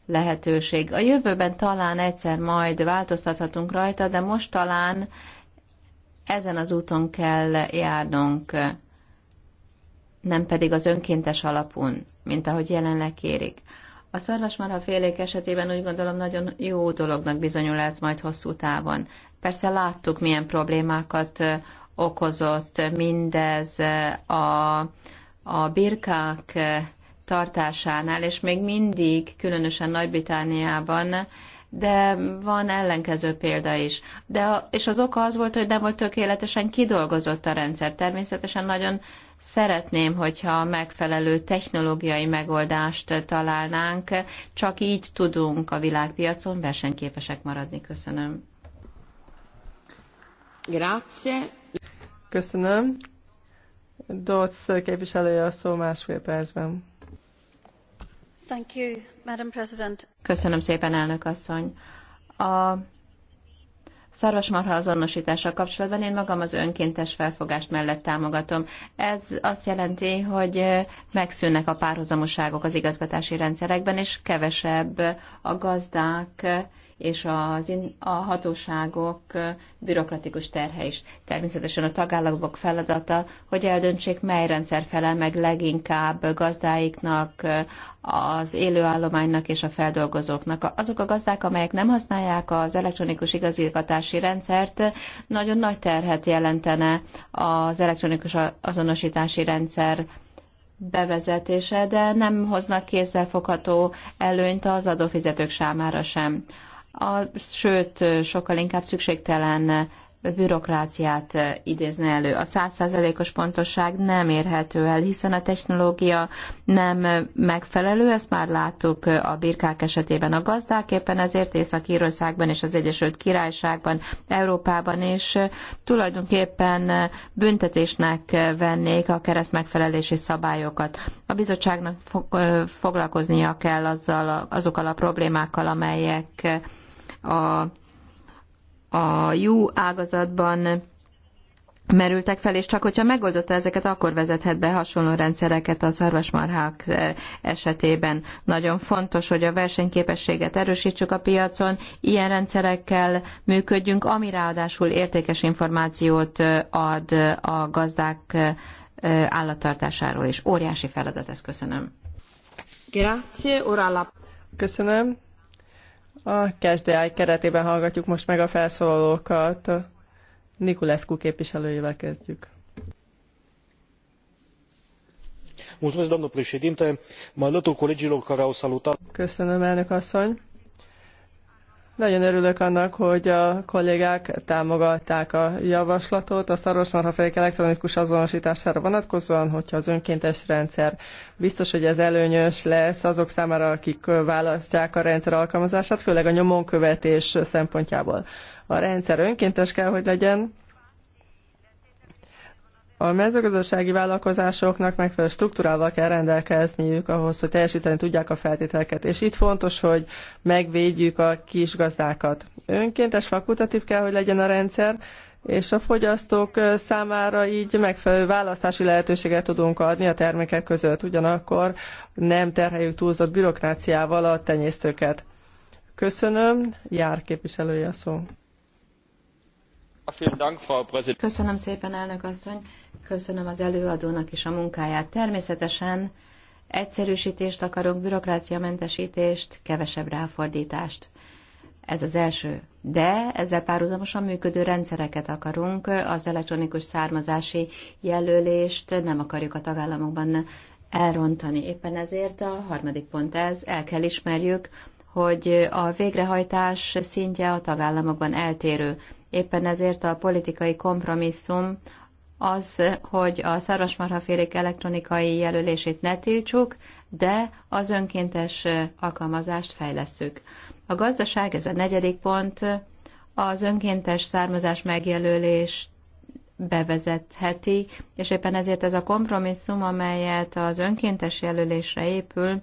lehetőség. A jövőben talán egyszer majd változtathatunk rajta, de most talán ezen az úton kell járnunk, nem pedig az önkéntes alapon, mint ahogy jelenleg kérik. A szarvasmarha félék esetében úgy gondolom nagyon jó dolognak bizonyul ez majd hosszú távon. Persze láttuk, milyen problémákat okozott mindez a, a birkák tartásánál, és még mindig, különösen Nagy-Britániában, de van ellenkező példa is. De és az oka az volt, hogy nem volt tökéletesen kidolgozott a rendszer. Természetesen nagyon szeretném, hogyha megfelelő technológiai megoldást találnánk, csak így tudunk a világpiacon versenyképesek maradni. Köszönöm. Grazie. Köszönöm. Dodds képviselője a szó másfél percben. Thank you, Madam President. Köszönöm szépen, elnök asszony. A szarvasmarha azonosítással kapcsolatban én magam az önkéntes felfogást mellett támogatom. Ez azt jelenti, hogy megszűnnek a párhuzamoságok az igazgatási rendszerekben, és kevesebb a gazdák és az, a hatóságok bürokratikus terhe is. Természetesen a tagállamok feladata, hogy eldöntsék, mely rendszer felel meg leginkább gazdáiknak, az élőállománynak és a feldolgozóknak. Azok a gazdák, amelyek nem használják az elektronikus igazgatási rendszert, nagyon nagy terhet jelentene az elektronikus azonosítási rendszer bevezetése, de nem hoznak kézzelfogható előnyt az adófizetők számára sem a, sőt, sokkal inkább szükségtelen bürokráciát idézne elő. A százszázalékos pontosság nem érhető el, hiszen a technológia nem megfelelő, ezt már láttuk a birkák esetében a gazdák, éppen ezért Észak-Írországban és az Egyesült Királyságban, Európában is tulajdonképpen büntetésnek vennék a kereszt megfelelési szabályokat. A bizottságnak foglalkoznia kell azzal, azokkal a problémákkal, amelyek a, a jó ágazatban merültek fel, és csak hogyha megoldotta ezeket, akkor vezethet be hasonló rendszereket a szarvasmarhák e, esetében. Nagyon fontos, hogy a versenyképességet erősítsük a piacon, ilyen rendszerekkel működjünk, ami ráadásul értékes információt e, ad a gazdák e, állattartásáról, és óriási feladat ez, köszönöm. Grazie, Köszönöm. A KSDI keretében hallgatjuk most meg a felszólalókat. Nikulescu képviselőjével kezdjük. Mulțumesc, doamnă președinte. Mă alătur colegilor care au salutat. Köszönöm, elnök asszony nagyon örülök annak, hogy a kollégák támogatták a javaslatot a szarvasmarhafélék elektronikus azonosítására vonatkozóan, hogyha az önkéntes rendszer biztos, hogy ez előnyös lesz azok számára, akik választják a rendszer alkalmazását, főleg a nyomonkövetés szempontjából. A rendszer önkéntes kell, hogy legyen, a mezőgazdasági vállalkozásoknak megfelelő struktúrával kell rendelkezniük ahhoz, hogy teljesíteni tudják a feltételeket. És itt fontos, hogy megvédjük a kis gazdákat. Önkéntes fakultatív kell, hogy legyen a rendszer, és a fogyasztók számára így megfelelő választási lehetőséget tudunk adni a termékek között. Ugyanakkor nem terheljük túlzott bürokráciával a tenyésztőket. Köszönöm, jár képviselője a szó. Köszönöm szépen, elnök asszony. Köszönöm az előadónak is a munkáját. Természetesen egyszerűsítést akarunk, bürokráciamentesítést, kevesebb ráfordítást. Ez az első. De ezzel párhuzamosan működő rendszereket akarunk, az elektronikus származási jelölést nem akarjuk a tagállamokban elrontani. Éppen ezért a harmadik pont ez, el kell ismerjük, hogy a végrehajtás szintje a tagállamokban eltérő. Éppen ezért a politikai kompromisszum az, hogy a szarvasmarhafélék elektronikai jelölését ne tiltsuk, de az önkéntes alkalmazást fejlesszük. A gazdaság, ez a negyedik pont, az önkéntes származás megjelölés bevezetheti, és éppen ezért ez a kompromisszum, amelyet az önkéntes jelölésre épül,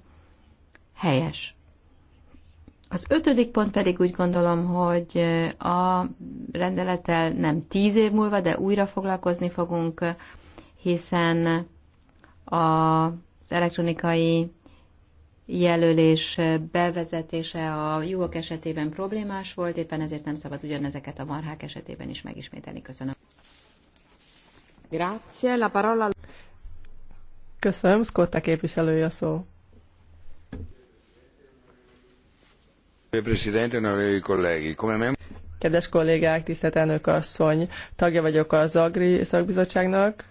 helyes. Az ötödik pont pedig úgy gondolom, hogy a rendelettel nem tíz év múlva, de újra foglalkozni fogunk, hiszen az elektronikai jelölés bevezetése a juhok esetében problémás volt, éppen ezért nem szabad ugyanezeket a marhák esetében is megismételni. Köszönöm. Grazie, la parola... Köszönöm, Scotta képviselője a szó. Kedves kollégák, tisztelt elnök asszony, tagja vagyok az Agri szakbizottságnak,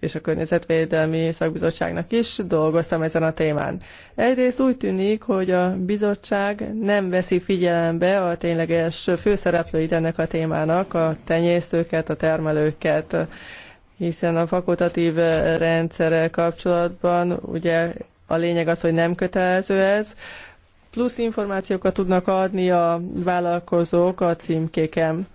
és a Környezetvédelmi Szakbizottságnak is dolgoztam ezen a témán. Egyrészt úgy tűnik, hogy a bizottság nem veszi figyelembe a tényleges főszereplőit ennek a témának, a tenyésztőket, a termelőket, hiszen a fakultatív rendszerrel kapcsolatban ugye a lényeg az, hogy nem kötelező ez. Plusz információkat tudnak adni a vállalkozók a címkéken.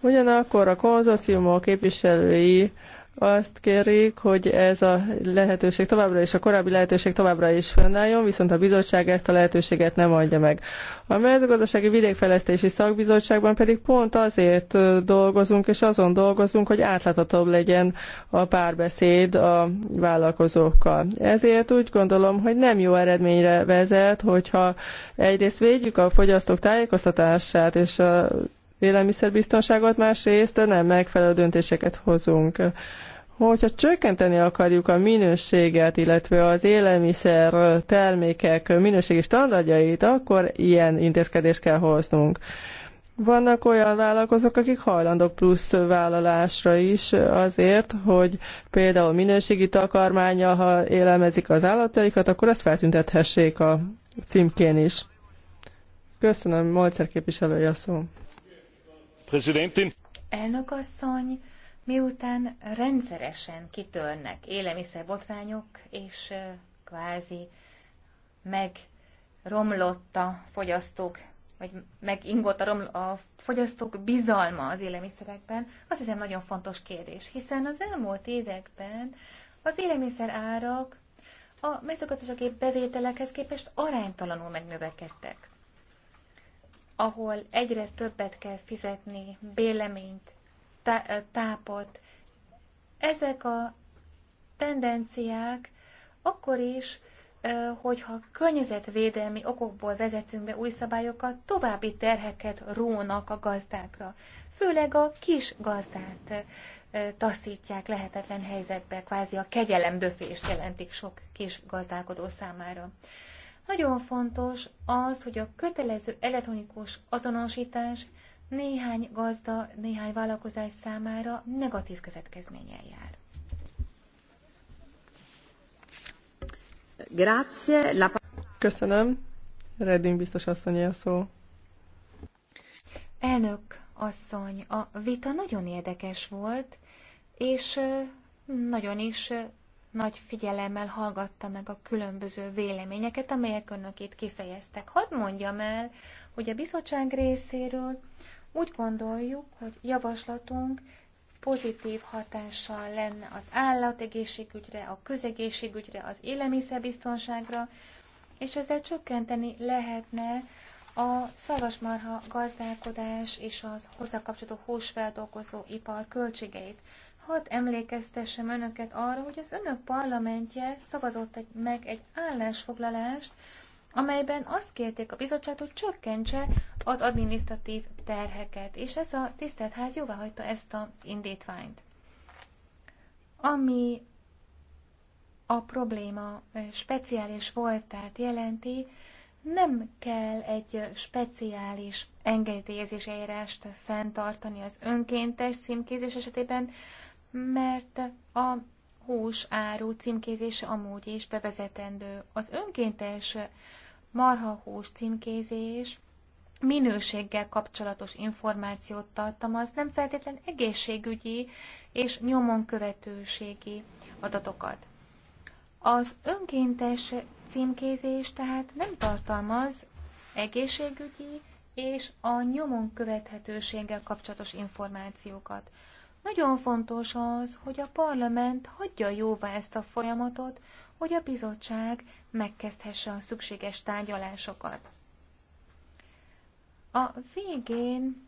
Ugyanakkor a konzorciumok képviselői azt kérik, hogy ez a lehetőség továbbra is, a korábbi lehetőség továbbra is fönnálljon, viszont a bizottság ezt a lehetőséget nem adja meg. A mezőgazdasági vidékfejlesztési szakbizottságban pedig pont azért dolgozunk, és azon dolgozunk, hogy átláthatóbb legyen a párbeszéd a vállalkozókkal. Ezért úgy gondolom, hogy nem jó eredményre vezet, hogyha egyrészt védjük a fogyasztók tájékoztatását és a élelmiszerbiztonságot, másrészt nem megfelelő döntéseket hozunk. Hogyha csökkenteni akarjuk a minőséget, illetve az élelmiszer termékek minőségi standardjait, akkor ilyen intézkedést kell hoznunk. Vannak olyan vállalkozók, akik hajlandók plusz vállalásra is azért, hogy például minőségi takarmánya, ha élelmezik az állataikat, akkor ezt feltüntethessék a címkén is. Köszönöm, Molcer képviselője a szó. Elnök asszony, miután rendszeresen kitörnek élelmiszerbotrányok, és kvázi megromlott a fogyasztók, vagy megingott a, roml- a fogyasztók bizalma az élelmiszerekben, az hiszem nagyon fontos kérdés, hiszen az elmúlt években az élelmiszer árak a mezőgazdasági bevételekhez képest aránytalanul megnövekedtek ahol egyre többet kell fizetni, béleményt, tápot. Ezek a tendenciák akkor is, hogyha környezetvédelmi okokból vezetünk be új szabályokat, további terheket rónak a gazdákra. Főleg a kis gazdát taszítják lehetetlen helyzetbe, kvázi a kegyelem döfést jelentik sok kis gazdálkodó számára. Nagyon fontos az, hogy a kötelező elektronikus azonosítás néhány gazda, néhány vállalkozás számára negatív következménnyel jár. Grazie. La... Köszönöm. Redding biztos asszony a szó. Elnök asszony, a vita nagyon érdekes volt, és nagyon is nagy figyelemmel hallgatta meg a különböző véleményeket, amelyek önök itt kifejeztek. Hadd mondjam el, hogy a bizottság részéről úgy gondoljuk, hogy javaslatunk pozitív hatással lenne az állategészségügyre, a közegészségügyre, az élelmiszerbiztonságra, és ezzel csökkenteni lehetne a szarvasmarha gazdálkodás és az hozzá kapcsolódó húsfeldolgozó ipar költségeit. Hadd emlékeztessem önöket arra, hogy az önök parlamentje szavazott egy, meg egy állásfoglalást, amelyben azt kérték a bizottságot, hogy csökkentse az adminisztratív terheket, és ez a tisztelt ház hagyta ezt az indítványt. Ami a probléma speciális voltát jelenti, nem kell egy speciális engedélyezés eljárást fenntartani az önkéntes címkézés esetében, mert a hús áru címkézése amúgy is bevezetendő. Az önkéntes marhahús címkézés minőséggel kapcsolatos információt tartalmaz, nem feltétlen egészségügyi és nyomon követőségi adatokat. Az önkéntes címkézés tehát nem tartalmaz egészségügyi és a nyomon követhetőséggel kapcsolatos információkat. Nagyon fontos az, hogy a parlament hagyja jóvá ezt a folyamatot, hogy a bizottság megkezdhesse a szükséges tárgyalásokat. A végén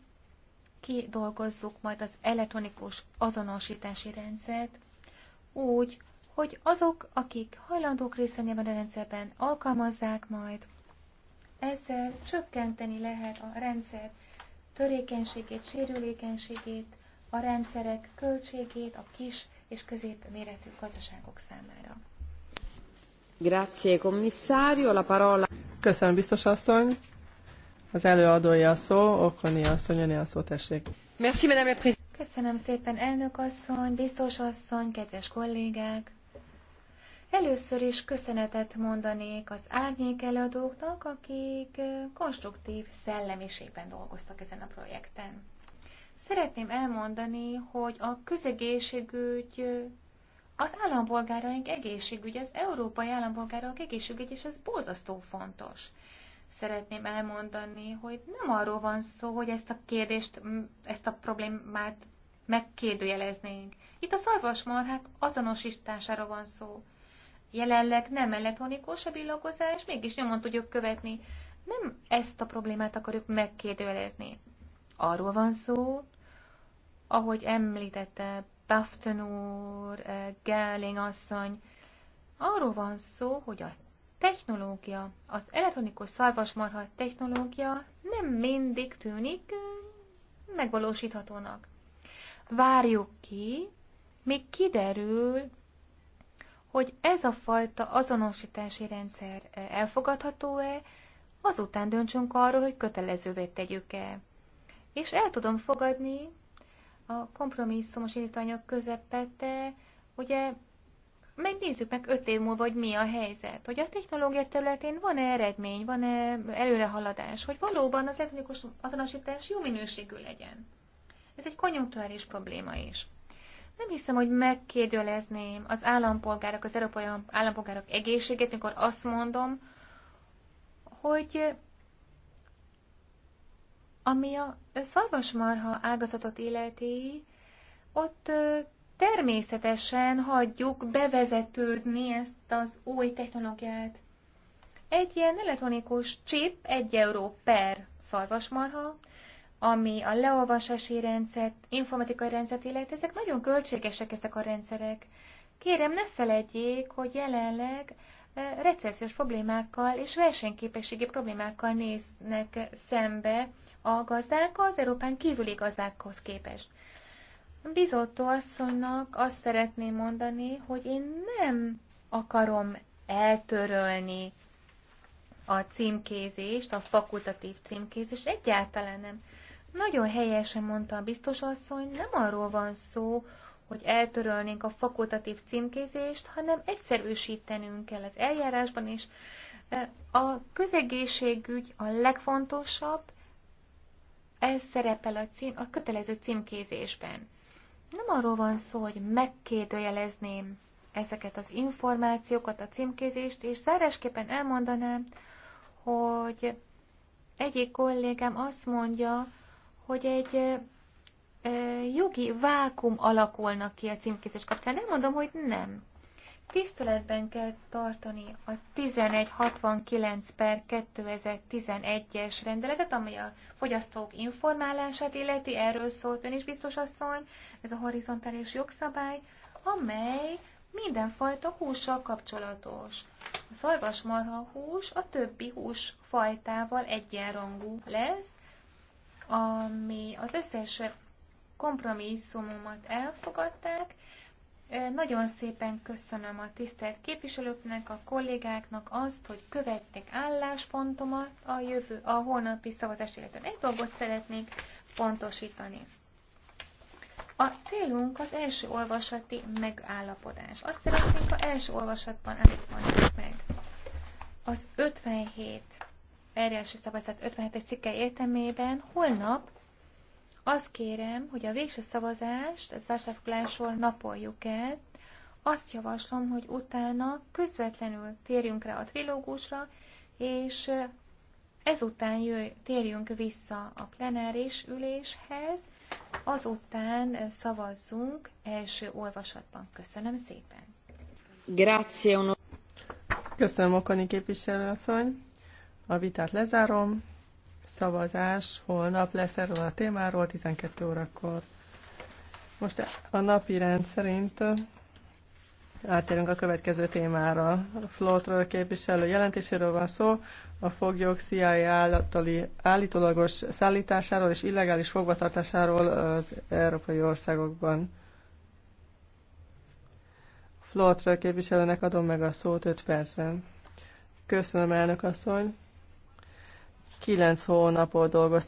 kidolgozzuk majd az elektronikus azonosítási rendszert úgy, hogy azok, akik hajlandók részt venni a rendszerben, alkalmazzák majd. Ezzel csökkenteni lehet a rendszer törékenységét, sérülékenységét, a rendszerek költségét a kis és középméretű gazdaságok számára. Grazie, commissario. La parola. Köszönöm, biztos asszony. Az előadója a szó, Okoni asszony, a szó, tessék. Merci, madame la Köszönöm szépen, elnök asszony, biztos asszony, kedves kollégák. Először is köszönetet mondanék az árnyék előadóknak, akik konstruktív szellemiségben dolgoztak ezen a projekten. Szeretném elmondani, hogy a közegészségügy, az állampolgáraink egészségügy, az európai állampolgárok egészségügy, és ez borzasztó fontos. Szeretném elmondani, hogy nem arról van szó, hogy ezt a kérdést, ezt a problémát megkérdőjeleznénk. Itt a szarvasmarhák azonosítására van szó. Jelenleg nem elektronikus a villagozás, mégis nyomon tudjuk követni. Nem ezt a problémát akarjuk megkérdőjelezni. Arról van szó, ahogy említette Bafton úr, eh, Gelling asszony, arról van szó, hogy a technológia, az elektronikus szarvasmarha technológia nem mindig tűnik eh, megvalósíthatónak. Várjuk ki, még kiderül, hogy ez a fajta azonosítási rendszer eh, elfogadható-e, azután döntsünk arról, hogy kötelezővé tegyük-e. És el tudom fogadni, a kompromisszumos indítványok közepette, ugye megnézzük meg öt év múlva, hogy mi a helyzet, hogy a technológia területén van-e eredmény, van-e előrehaladás, hogy valóban az elektronikus azonosítás jó minőségű legyen. Ez egy konjunktuális probléma is. Nem hiszem, hogy megkérdőlezném az állampolgárok, az európai állampolgárok egészségét, mikor azt mondom, hogy ami a szarvasmarha ágazatot illeti, ott természetesen hagyjuk bevezetődni ezt az új technológiát. Egy ilyen elektronikus chip 1 euró per szarvasmarha, ami a leolvasási rendszert, informatikai rendszert illeti, ezek nagyon költségesek ezek a rendszerek. Kérem, ne felejtjék, hogy jelenleg recessziós problémákkal és versenyképességi problémákkal néznek szembe a gazdák az Európán kívüli gazdákhoz képest. Bizottó asszonynak azt szeretném mondani, hogy én nem akarom eltörölni a címkézést, a fakultatív címkézést, egyáltalán nem. Nagyon helyesen mondta a biztos asszony, nem arról van szó, hogy eltörölnénk a fakultatív címkézést, hanem egyszerűsítenünk kell az eljárásban, és a közegészségügy a legfontosabb, ez szerepel a, cím, a kötelező címkézésben. Nem arról van szó, hogy megkérdőjelezném ezeket az információkat, a címkézést, és zárásképpen elmondanám, hogy egyik kollégám azt mondja, hogy egy jogi vákum alakulnak ki a címkézés kapcsán. Nem mondom, hogy nem. Tiszteletben kell tartani a 1169 per 2011-es rendeletet, amely a fogyasztók informálását illeti, erről szólt ön is biztos asszony, ez a horizontális jogszabály, amely mindenfajta hússal kapcsolatos. A szarvasmarha hús a többi hús fajtával egyenrangú lesz, ami az összes kompromisszumomat elfogadták, nagyon szépen köszönöm a tisztelt képviselőknek, a kollégáknak azt, hogy követtek álláspontomat a jövő, a holnapi szavazás illetően. Egy dolgot szeretnék pontosítani. A célunk az első olvasati megállapodás. Azt szeretnénk, ha első olvasatban állapodjuk meg. Az 57 erjási szavazat 57-es cikke értelmében holnap azt kérem, hogy a végső szavazást ezt zárságfoglalásról napoljuk el. Azt javaslom, hogy utána közvetlenül térjünk rá a trilógusra, és ezután jöjj, térjünk vissza a plenáris üléshez, azután szavazzunk első olvasatban. Köszönöm szépen! Grazie. Köszönöm, Okani képviselőasszony. A vitát lezárom szavazás holnap lesz erről a témáról 12 órakor. Most a napi rend szerint átérünk a következő témára. A Flotról képviselő jelentéséről van szó, a foglyok CIA állatali állítólagos szállításáról és illegális fogvatartásáról az európai országokban. Flotről képviselőnek adom meg a szót 5 percben. Köszönöm, elnök asszony! Kilenc hónapot dolgoztam